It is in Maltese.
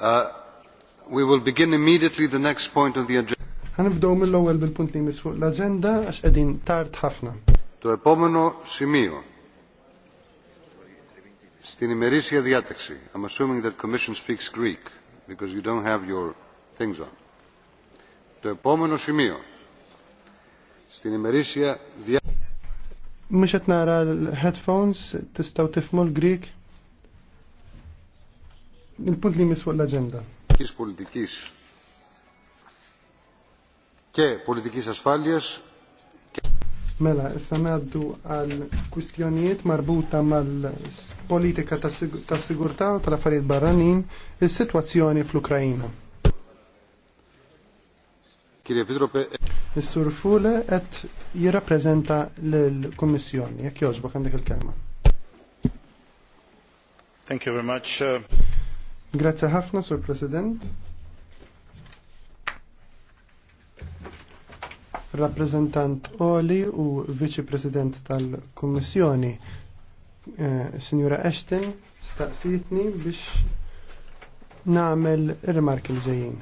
Uh, we will begin immediately the next point of the agenda. Ħanibdew mill-ewwel bil-punt li misfuq l agenda għax qegħdin tard ħafna. To επόμενο simio. Stini ημερήσια diateksi. I'm assuming that Commission speaks Greek because you don't have your things on. To επόμενο simio. Stini ημερήσια diateksi. Mux nara l-headphones, tistaw tifmu l-Greek? il-punt li misfuq l-agenda. Kis politikis ke politikis asfaljes Mela, issa naddu għal kustjonijiet marbuta mal-politika ta' sigurtà u tal-affarijiet barranin il-sitwazzjoni fl-Ukrajina. Kirje Pitrope. Is-Sur Fule qed jirrappreżenta l-Kummissjoni. Jekk jogħġbok għandek il-kelma. Thank you very much. Uh... Grazzi ħafna, Sur President. Rappresentant Oli u Vice President tal-Kommissjoni, eh, Signora Ashton, staqsitni biex namel ir-remarki ġejjin.